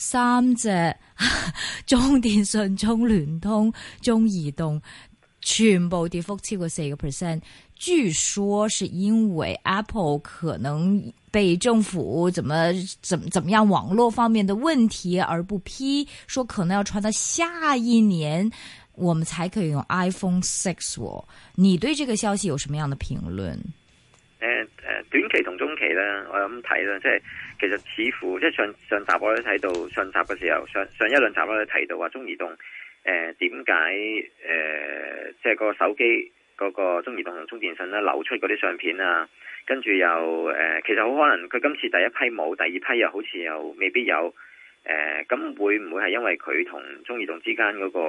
三隻中電信、中 聯通、中移動，全部跌幅超過四個 percent，據說是因為 Apple 可能被政府怎麼怎麼怎麼樣網絡方面的問題而不批，說可能要傳到下一年，我們才可以用 iPhone Six，哦。你對這個消息有什麼樣的評論？嗯短期同中期咧，我諗睇咧，即係其實似乎即係上上集我都睇到，上集嘅時候上上一輪集我都提到話中移動，誒點解誒即係個手機嗰個中移動同中電信咧流出嗰啲相片啊，跟住又誒其實好可能佢今次第一批冇，第二批又好似又未必有，誒、呃、咁會唔會係因為佢同中移動之間嗰個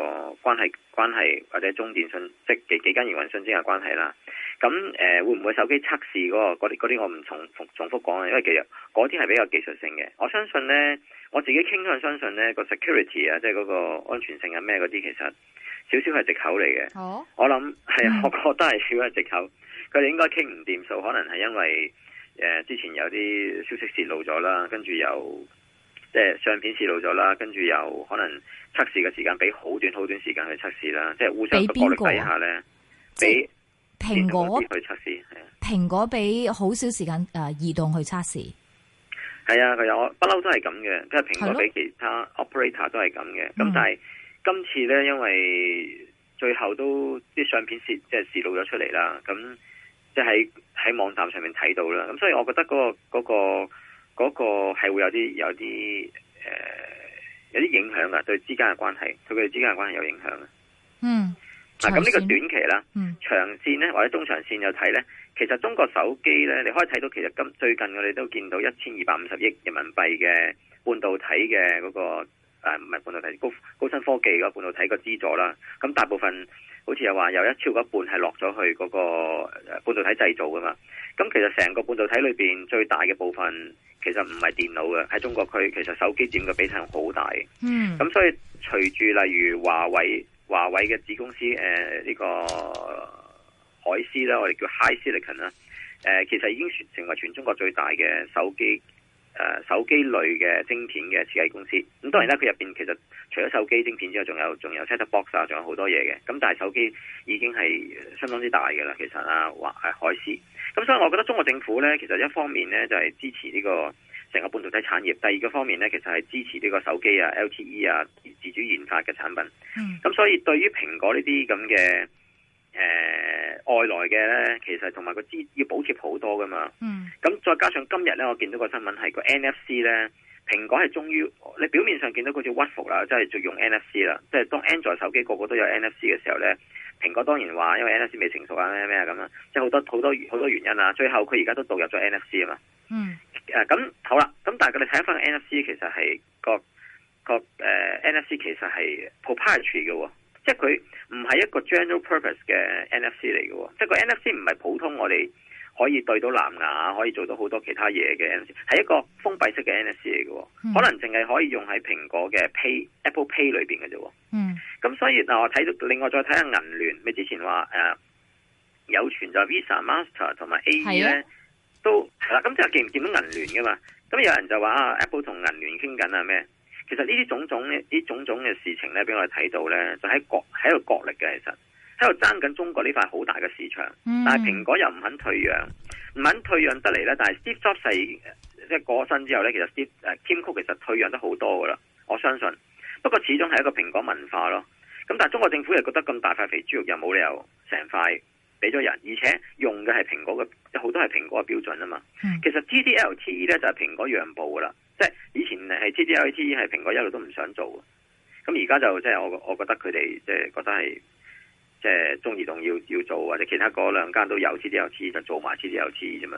關係關係或者中電信即係幾幾間營運商之間關係啦？咁誒、呃、會唔會手機測試嗰啲嗰啲我唔重重複講啊，因為其實嗰啲係比較技術性嘅。我相信咧，我自己傾向相信咧個 security 啊，即係嗰個安全性啊咩嗰啲其實少少係藉口嚟嘅、哦。我諗係、嗯，我覺得係少係藉口。佢哋應該傾唔掂數，可能係因為誒、呃、之前有啲消息泄露咗啦，跟住又即係相片泄露咗啦，跟住又可能測試嘅時間俾好短好短時間去測試啦，即係互相嘅角力底下咧，俾。蘋果蘋果俾好少時間誒，移動去測試。係啊，佢有不嬲都係咁嘅，即係蘋果俾其他 operator 都係咁嘅。咁但係今次咧，因為最後都啲相片泄即係泄露咗出嚟啦。咁即係喺網站上面睇到啦。咁所以我覺得嗰個嗰個嗰個係會有啲有啲誒有啲、呃、影響噶，對之間嘅關係，對佢哋之間嘅關係有影響。嗯。嗱、嗯，咁呢個短期啦，嗯、長線咧或者中長線又睇咧？其實中國手機咧，你可以睇到，其實最近我哋都見到一千二百五十億人民幣嘅半導體嘅嗰、嗰個誒，唔、啊、係半導體高高新科技嘅半導體嘅資助啦。咁大部分好似又話有一超過一半係落咗去嗰個半導體製造噶嘛。咁其實成個半導體裏邊最大嘅部分其，其實唔係電腦嘅，喺中國區其實手機佔嘅比重好大。嗯。咁所以隨住例如華為。華為嘅子公司，誒、呃、呢、這個海思啦，我哋叫 High Silicon 啦、呃，誒其實已經成為全中國最大嘅手機誒、呃、手機類嘅晶片嘅設計公司。咁當然啦，佢入邊其實除咗手機晶片之外，仲有仲有 set top box 啊，仲有好多嘢嘅。咁但係手機已經係相當之大嘅啦，其實啊華係海思。咁所以我覺得中國政府咧，其實一方面咧就係、是、支持呢、這個。成個半導體產業，第二個方面咧，其實係支持呢個手機啊、LTE 啊、自主研發嘅產品。嗯。咁所以對於蘋果呢啲咁嘅誒外來嘅咧，其實同埋個資要補貼好多噶嘛。嗯。咁再加上今日咧，我見到個新聞係個 NFC 咧，蘋果係終於，你表面上見到佢叫屈服啦，即係就用 NFC 啦，即係當 Android 手機個個都有 NFC 嘅時候咧，蘋果當然話因為 NFC 未成熟啊，咩咩啊咁啦，即係好多好多好多原因啊。最後佢而家都導入咗 NFC 啊嘛。嗯，誒，咁好啦，咁但係佢哋睇翻 NFC 其實係個個誒 NFC 其實係 proprietary 嘅、哦，即係佢唔係一個 general purpose 嘅 NFC 嚟嘅、哦，即係個 NFC 唔係普通我哋可以對到藍牙，可以做到好多其他嘢嘅 NFC，係一個封閉式嘅 NFC 嚟嘅、哦嗯，可能淨係可以用喺蘋果嘅 Pay Apple Pay 裏邊嘅啫。嗯，咁所以嗱，我睇到另外再睇下銀聯，你之前話誒、呃、有存在 Visa Master、Master 同埋 AE 咧。都係啦，咁即係見唔見到銀聯噶嘛，咁有人就話啊，Apple 同銀聯傾緊啊咩？其實呢啲種種呢啲種種嘅事情咧，俾我哋睇到咧，就喺國喺度角力嘅，其實喺度爭緊中國呢塊好大嘅市場，但係蘋果又唔肯退讓，唔肯退讓得嚟咧，但係 Steve Jobs 即係過身之後咧，其實 Steve o Tim Cook 其實退讓得好多噶啦，我相信。不過始終係一個蘋果文化咯，咁但係中國政府又覺得咁大塊肥豬肉又冇理由成塊。俾咗人，而且用嘅係蘋果嘅，好多係蘋果嘅標準啊嘛、嗯。其實 T D L T E 咧就係、是、蘋果讓步噶啦，即係以前係 T D L T E 係蘋果一路都唔想做，咁而家就即係我我覺得佢哋即係覺得係，即係中移動要要做，或者其他嗰兩間都有 T D L T E，就做埋 T D L T E 啫嘛。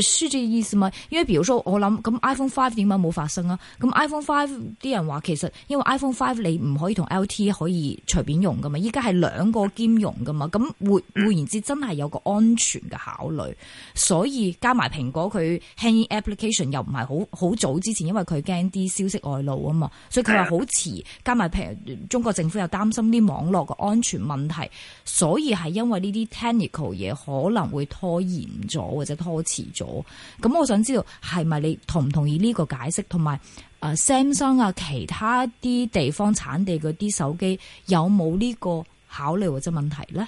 誒書意思嘛？因為比如說，我諗咁 iPhone Five 點解冇發生啊？咁 iPhone Five 啲人話，其實因為 iPhone Five 你唔可以同 L T 可以隨便用噶嘛，依家係兩個兼容噶嘛，咁會會然之真係有個安全嘅考慮，所以加埋蘋果佢 Heavy Application 又唔係好好早之前，因為佢驚啲消息外露啊嘛，所以佢話好遲加埋譬如中國政府又擔心啲網絡嘅安全問題，所以係因為呢啲 Technical 嘢可能會拖延咗或者拖遲咗。我咁，我想知道係咪你同唔同意呢個解釋，同埋誒，Samsung 啊，其他啲地方產地嗰啲手機有冇呢個考慮或者問題咧？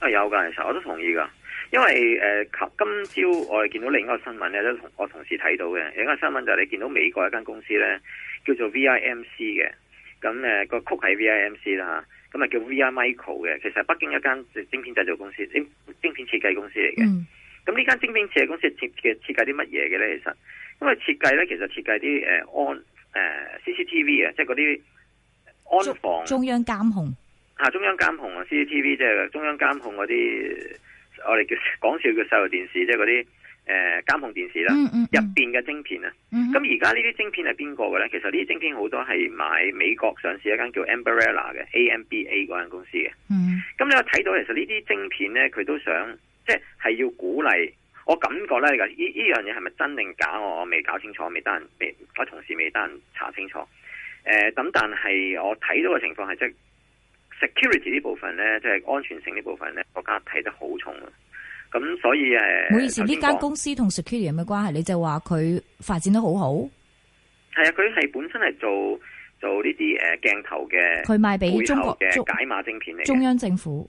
啊，有噶，其實我都同意噶，因為誒、呃，今朝我哋見到另一個新聞咧，都同我同事睇到嘅。另一個新聞就係你見到美國一間公司咧，叫做 VIMC 嘅，咁誒個曲係 VIMC 啦吓，咁啊叫 Vimicro 嘅，其實北京一間晶片製造公司，晶片設計公司嚟嘅。嗯咁呢間晶片設計公司設計設計啲乜嘢嘅咧？其實，因為設計咧，其實設計啲誒安誒 CCTV 啊，即係嗰啲安防中央監控吓，中央監控啊，CCTV 即係中央監控嗰啲，我哋叫講笑叫細路電視，即係嗰啲誒監控電視啦。嗯嗯。入邊嘅晶片啊，咁而家呢啲晶片係邊個嘅咧？其實呢啲晶片好多係買美國上市一間叫 Amberella 嘅 AMBA 嗰間公司嘅。咁你有睇到其實呢啲晶片咧，佢都想。即係要鼓勵，我感覺咧呢呢樣嘢係咪真定假，我未搞清楚，未得人未我同事未得人查清楚。誒、呃，咁但係我睇到嘅情況係即係 security 呢部分咧，即係安全性呢部分咧，國家睇得好重啊。咁所以誒，唔好意思，呢間公司同 security 有咩關係？你就話佢發展得好好。係啊，佢係本身係做做呢啲誒鏡頭嘅，佢賣俾中國嘅解碼晶片嚟，中央政府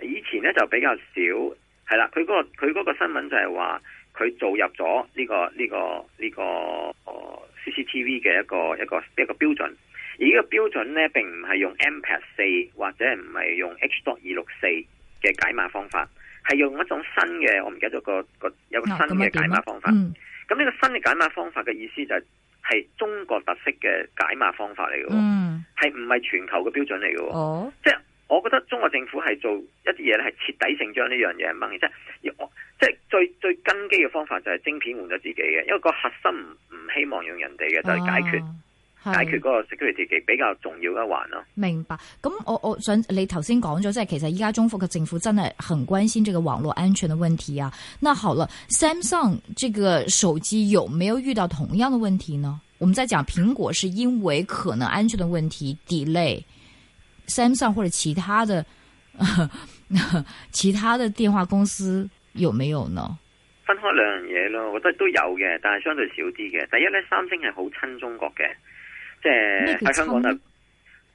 以前咧就比較少。係啦，佢嗰，那個，佢個新聞就係話，佢做入咗呢，這個呢，這個呢，這個 CCTV 嘅一個一個一個標準，而呢個標準咧並唔係用 MPEG4 或者唔係用 H.264 嘅解碼方法，係用一種新嘅我唔記得咗個個有個新嘅解碼方法。咁、啊，呢個新嘅解碼方法嘅意思就係、是、係、嗯、中國特色嘅解碼方法嚟嘅，係唔係全球嘅標準嚟嘅，哦？即係。我覺得中國政府係做一啲嘢咧，係徹底性將呢樣嘢掹。即係我即係最最根基嘅方法就係晶片換咗自己嘅，因為個核心唔唔希望用人哋嘅，就係、是、解決、啊、是解決嗰個 security 比較重要一環咯。明白。咁我我想你頭先講咗，即係其實而家中國的政府真係很關心這個網絡安全的問題啊。那好了，Samsung 這個手機有沒有遇到同樣的問題呢？我們在講蘋果是因為可能安全的問題 delay。Samsung 或者其他的呵呵，其他的電話公司有沒有呢？分開兩樣嘢咯，我覺得都有嘅，但係相對少啲嘅。第一咧，三星係好親中國嘅，即係喺香港啊，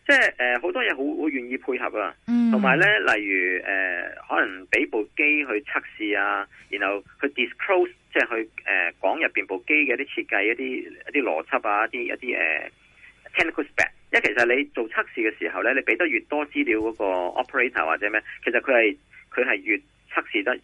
即係誒好多嘢好好願意配合啊。嗯，同埋咧，例如誒、呃、可能俾部機去測試啊，然後去 disclose 即係去誒講入邊部機嘅一啲設計，一啲一啲邏輯啊，一啲一啲誒。呃因為其實你做測試嘅時候咧，你俾得越多資料嗰個 operator 或者咩，其實佢係佢係越測試得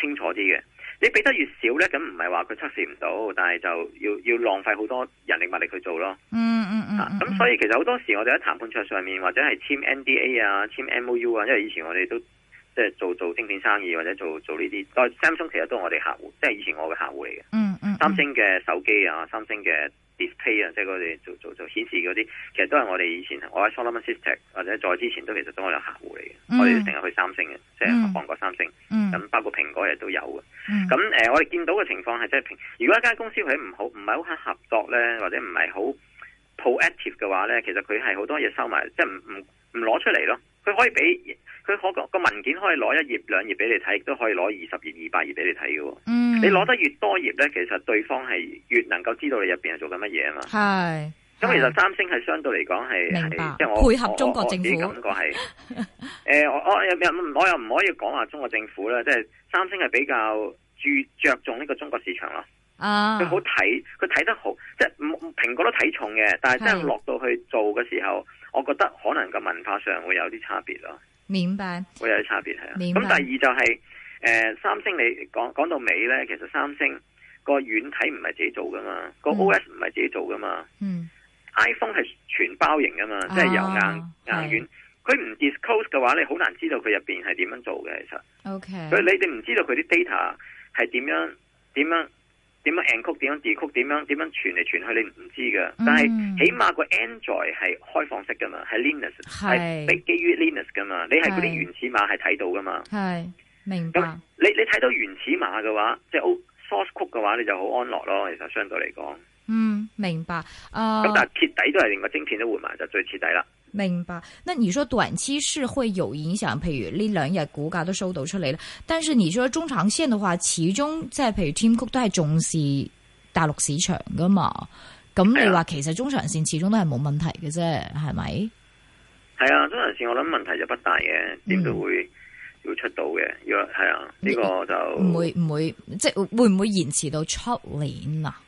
清楚啲嘅。你俾得越少咧，咁唔係話佢測試唔到，但係就要要浪費好多人力物力去做咯。嗯嗯嗯。咁、嗯啊、所以其實好多時我哋喺談判桌上面或者係簽 NDA 啊、簽 MOU 啊，因為以前我哋都即係做做晶片生意或者做做呢啲。Samsung 其實都係我哋客戶，即、就、係、係、以前我嘅客戶嚟嘅。嗯嗯，嗯。三星嘅手機啊，三星嘅。display 啊，即係我哋做做做，做顯示嗰啲，其實都係我哋以前，我喺 Solomon Systech 或者再之前都其實都係有客戶嚟嘅，mm-hmm. 我哋成日去三星嘅，即、就、係、是、韓國三星，咁、mm-hmm. 包括蘋果亦都有嘅。咁、mm-hmm. 誒、呃，我哋見到嘅情況係即係蘋，如果一間公司佢唔好，唔係好肯合作咧，或者唔係好 proactive 嘅話咧，其實佢係好多嘢收埋，即係唔唔唔攞出嚟咯，佢可以俾。佢可個文件可以攞一頁兩頁俾你睇，亦都可以攞二十頁、二百頁俾你睇嘅。嗯，你攞得越多頁呢，其實對方係越能夠知道你入邊係做緊乜嘢啊嘛。係。咁其實三星係相對嚟講係明白、即係、我配合中國政府感覺係誒、 呃，我我，我，我又唔可以講話中國政府啦即係三星係比較注着重呢個中國市場咯。啊，佢好睇，佢睇得好，即係蘋果都睇重嘅，但係真係落到去做嘅時候，我覺得可能個文化上會有啲差別咯。明白，會有差別係啊。咁第二就係、是，誒、呃，三星你講講到尾咧，其實三星個軟體唔係自己做噶嘛，嗯，那個 OS 唔係自己做噶嘛。嗯，iPhone 係全包型噶嘛，即係有硬硬軟，佢唔 disclose 嘅話，你好難知道佢入邊係點樣做嘅其實。OK。所以你哋唔知道佢啲 data 係點樣點樣。怎樣點樣硬曲，c o d e 點樣 d e 點樣點樣傳嚟傳去你唔知嘅、嗯，但係起碼個 Android 係開放式噶嘛，係 Linux 係基基於 Linux 噶嘛，你係嗰啲原始碼係睇到噶嘛，係明白。嗯、你你睇到原始碼嘅話，即係 source code 嘅話，你就好安樂咯。其實相對嚟講，嗯，明白。誒、呃，咁但係徹底都係連個晶片都換埋就最徹底啦。明白，那你說短期是會有影響，譬如呢兩日股價都收到出嚟啦。但是你說中長線的話，始終即係譬如 Tim Cook 都係重視大陸市場噶嘛，咁你話其實中長線始終都係冇問題嘅啫，係咪、啊？係啊，中長線我諗問題就不大嘅，點都會、嗯、會出到嘅，要係啊，呢、這個就唔會唔會，即係會唔會延遲到出年啊？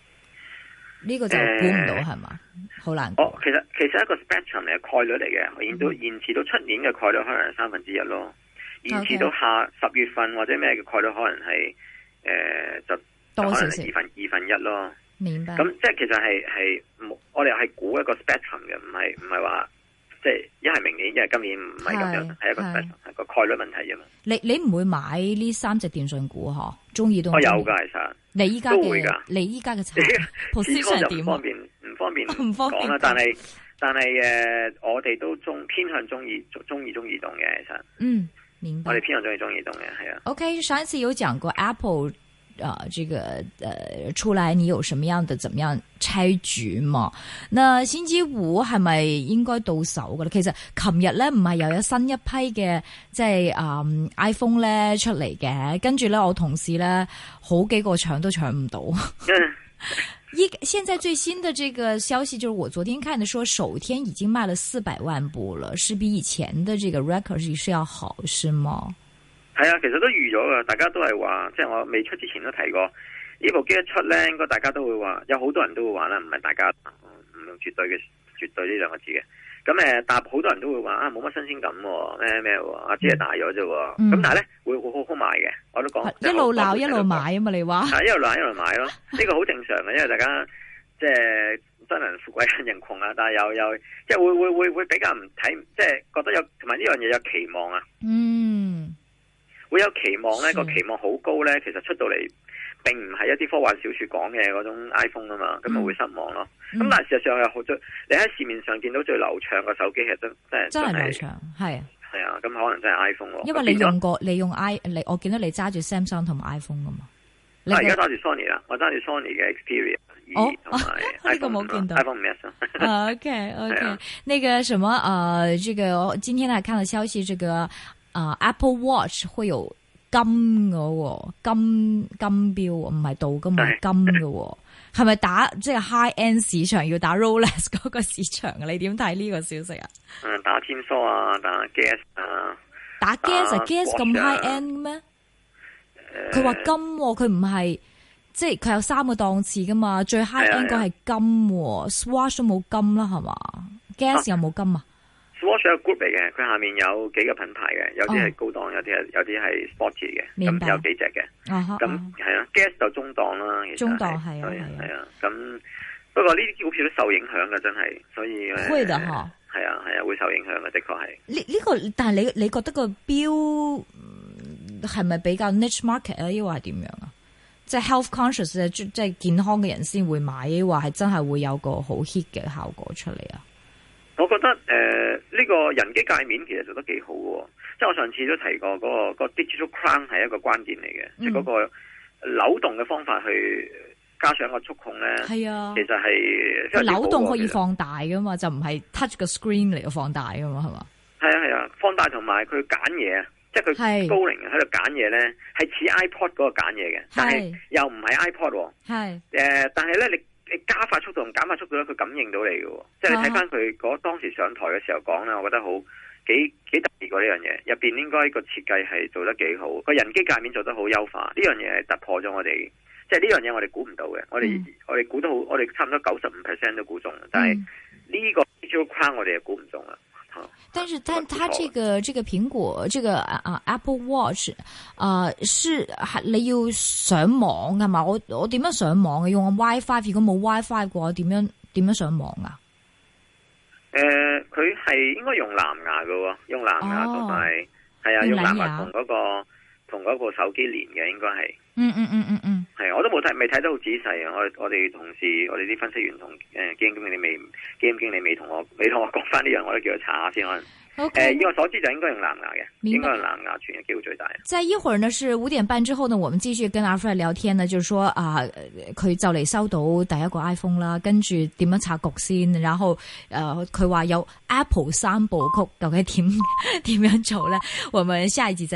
呢、這個就估唔到係嘛？呃是好難哦，其實其實一個 spectrum 嚟嘅，概率嚟嘅，延到延遲到出年嘅概率可能係三分之一咯，延遲到下十月份或者咩嘅概率可能係誒、呃、就可能是多少少二分二分一咯。明白。咁即係其實係係我哋係估一個 spectrum 嘅，唔係唔係話即係一係明年一係今年唔係咁樣，係一個係個個概率問題啫嘛。你你唔會買呢三隻電信股嗬？中意都我有噶其實在。你依家嘅你依家嘅持倉點方便唔方便講啦，但係 但係誒、呃，我哋都中偏向中意中意中移動嘅，其實嗯，明白我哋偏向中意中移動嘅。係啊，OK，上一次有講過 Apple 啊、呃，這個誒、呃，出來你有什麼樣的怎麼樣拆主嘛？那新機戶係咪應該到手噶啦？其實琴日咧唔係又有新一批嘅即係誒 iPhone 咧出嚟嘅，跟住咧我同事咧好幾個搶都搶唔到。 一現在最新的這個消息就是我昨天看的，說首天已經賣了四百萬部了，是比以前的這個 record 是是要好，是嗎？係啊，其實都預咗㗎，大家都係話，即係我未出之前都提過，部呢部機一出咧，應該大家都會話，有好多人都會玩啦，唔係大家唔用，嗯、絕對嘅絕對呢兩個字嘅。咁誒，但 好多人都會話啊，冇乜新鮮感喎，咩咩喎，阿姐、姐大咗啫喎。咁、嗯、但係咧，會會好好買嘅，我都講一路鬧一路買啊嘛，你話？啊，一路鬧一路買咯，呢 個好正常嘅，因為大家即係真人、就是、富貴人、人窮啊，但係又又即係、就是、會會會會比較唔睇，即、就、係、是、覺得有同埋呢樣嘢有期望啊。嗯。會有期望咧，個期望好高咧，其實出到嚟並唔係一啲科幻小說講嘅嗰種 iPhone 啊、嗯、嘛，咁咪會失望咯。咁、嗯、但係事實上有好，你喺市面上見到最流暢嘅手機係真真係流暢，係係啊，咁、啊、可能真係 iPhone 咯。因為你用過，你用 i，你我見到你揸住 Samsung 同埋 iPhone 噶、啊、嘛？你而家揸住 Sony 啦，我揸住 Sony 嘅 Xperia，e 呢、哦、個冇見到 iPhone 五、啊、S、啊啊啊、OK OK， 啊、那個什麼，呃，這個我今天呢看到消息，這個。Uh, Apple Watch 會有金嘅、哦，金金表唔係鍍金，係金嘅、哦，係 咪打即係、就是、High End 市場要打 Rolex 嗰個市場，你點睇呢個消息啊？打天梭啊，打 Guess 啊，打 Guess 啊 Guess 咁 High End 咩？佢、uh, 話金、哦，佢唔係，即係佢有三個檔次噶嘛？最 High End 個、uh, 係、uh, uh. 金 Swatch 都冇金啦，係嘛？Guess 有冇金啊？啊 Swatch 係 group 嚟嘅，佢下面有幾個品牌嘅，有啲係高檔，哦、有啲係有啲係 sporty 嘅，咁有幾隻嘅，咁係啊 Guess 就中檔啦，中檔係啊係啊，啊。咁、啊、不過呢啲股票都受影響嘅，真係，所以會嘅，係啊係啊，啊，啊，會受影響嘅，的確係。呢、這、呢個，但係你你覺得個標係咪比較 niche market 咧？亦或係點樣啊？即係 health conscious 即係健康嘅人先會買，亦或係真係會有個好 hit 嘅效果出嚟啊？我覺得誒，呢、呃呢個人機界面其實做得幾好嘅，即係我上次都提過嗰、嗰個、嗰個 Digital Crown 係一個關鍵嚟嘅、嗯，即係嗰個扭動嘅方法去加上個觸控咧。係啊，其實係扭動可以放大噶嘛，就唔係 touch 個 screen 嚟到放大噶嘛，係嘛？係啊係啊，放大同埋佢揀嘢啊，即係佢 scrolling 喺度揀嘢咧，係似 iPod 嗰個揀嘢嘅，但係又唔係 iPod。係誒、呃，但係咧你。你加快速，速度，減慢速度咧，佢感應到你嘅，即係你睇翻佢嗰當時上台嘅時候講啦，我覺得好幾幾特別過呢樣嘢，入、這、邊、個、應該個設計係做得幾好，個人機界面做得好優化，呢樣嘢係突破咗我哋，即係呢樣嘢我哋估唔到嘅、嗯，我哋我哋估得好，我哋差唔多九十五 percent 都估中，但係呢個指標誇我哋係估唔中啦。但是，但佢這個、這個蘋果、這個啊 Apple Watch，啊、呃、是你要上網噶嘛？我我點樣上網嘅？用個 WiFi，如果冇 WiFi 嘅話，點樣點樣上網啊？誒、呃，佢係應該用藍牙嘅，用藍牙，但係係啊，用藍牙同、那個同嗰手機連嘅，應該係。嗯嗯嗯嗯。嗯嗯係，我都冇睇，未睇得好仔細啊！我我哋同事，我哋啲分析員同誒基金經理未基金經理未同我未同我講翻呢樣，我都叫佢查下先可能 Okay，誒，以、okay，呃、我所知就應該用藍牙嘅，應該用藍牙傳嘅機會最大。即係一會兒呢，是五點半之後呢，我們繼續跟阿 Fred 聊天呢，就是說啊，佢就嚟收到第一個 iPhone 啦，跟住點樣拆局先，然後誒，佢、呃、話有 Apple 三部曲，究竟點點樣做咧？我們下一集再。